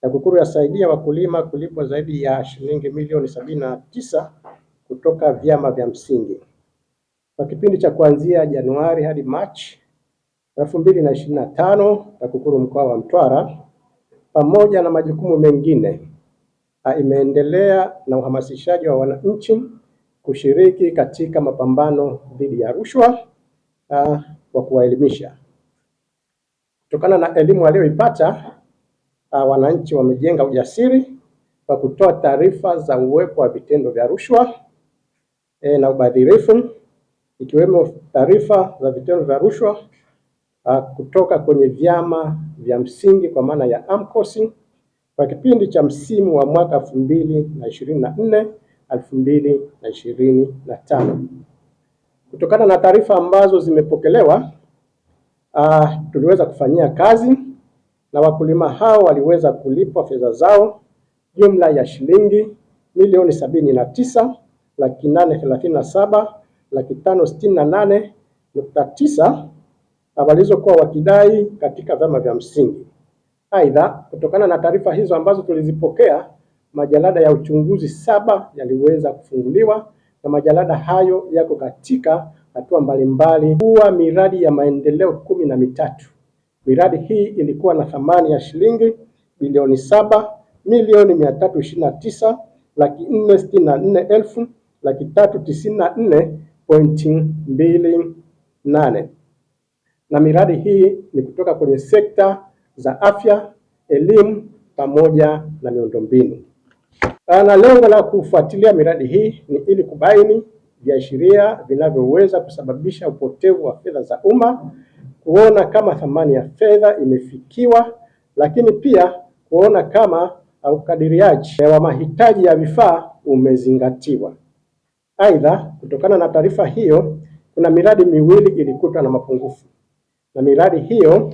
TAKUKURU yasaidia wakulima kulipwa zaidi ya shilingi milioni sabini na tisa kutoka vyama vya msingi kwa kipindi cha kuanzia Januari hadi Machi elfu mbili na ishirini na tano. TAKUKURU mkoa wa Mtwara pamoja na majukumu mengine imeendelea na uhamasishaji wa wananchi kushiriki katika mapambano dhidi ya rushwa kwa kuwaelimisha kutokana na elimu aliyoipata uh, wananchi wamejenga ujasiri kwa kutoa taarifa za uwepo wa vitendo vya rushwa e, na ubadhirifu ikiwemo taarifa za vitendo vya rushwa uh, kutoka kwenye vyama vya msingi kwa maana ya AMCOS kwa kipindi cha msimu wa mwaka elfu mbili na ishirini na nne elfu mbili na ishirini na tano. Kutokana na taarifa ambazo zimepokelewa, uh, tuliweza kufanyia kazi na wakulima hao waliweza kulipwa fedha zao jumla ya shilingi milioni sabini na tisa laki nane thelathini na saba laki tano sitini na nane nukta tisa walizokuwa wakidai katika vyama vya msingi. Aidha, kutokana na taarifa hizo ambazo tulizipokea, majalada ya uchunguzi saba yaliweza kufunguliwa na majalada hayo yako katika hatua mbalimbali kuwa miradi ya maendeleo kumi na mitatu. Miradi hii ilikuwa na thamani ya shilingi bilioni saba milioni mia tatu ishirini na tisa laki nne sitini na nne elfu laki tatu tisini na nne pointi mbili nane na miradi hii ni kutoka kwenye sekta za afya, elimu pamoja na miundombinu. Na lengo la kufuatilia miradi hii ni ili kubaini viashiria vinavyoweza kusababisha upotevu wa fedha za umma kuona kama thamani ya fedha imefikiwa, lakini pia kuona kama ukadiriaji wa mahitaji ya vifaa umezingatiwa. Aidha, kutokana na taarifa hiyo, kuna miradi miwili ilikutwa na mapungufu na miradi hiyo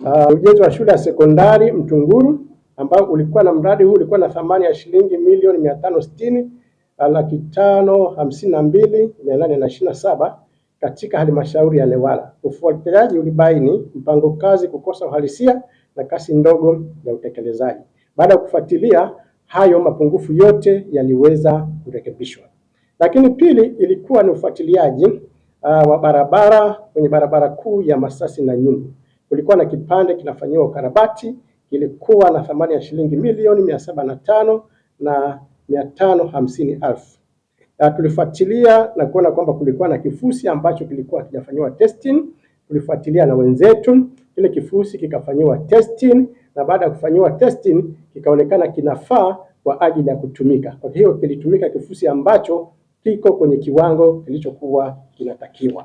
uh, ujenzi wa shule ya sekondari Mtunguru ambao ulikuwa na mradi huu ulikuwa na thamani ya shilingi milioni mia tano sitini uh, laki tano hamsini na mbili mia nane na ishirini na saba katika halmashauri ya Newala. Ufuatiliaji ulibaini mpango kazi kukosa uhalisia na kasi ndogo ya utekelezaji. Baada ya kufuatilia hayo, mapungufu yote yaliweza kurekebishwa. Lakini pili, ilikuwa ni ufuatiliaji uh, wa barabara kwenye barabara kuu ya Masasi na Nyumbu. Kulikuwa na kipande kinafanyiwa ukarabati, kilikuwa na thamani ya shilingi milioni mia saba na tano na mia tano hamsini elfu Uh, tulifuatilia na kuona kwamba kulikuwa na kifusi ambacho kilikuwa hakijafanyiwa testing. Tulifuatilia na wenzetu, kile kifusi kikafanyiwa testing, na baada ya kufanyiwa testing kikaonekana kinafaa kwa ajili ya kutumika. Kwa hiyo kilitumika kifusi ambacho kiko kwenye kiwango kilichokuwa kinatakiwa.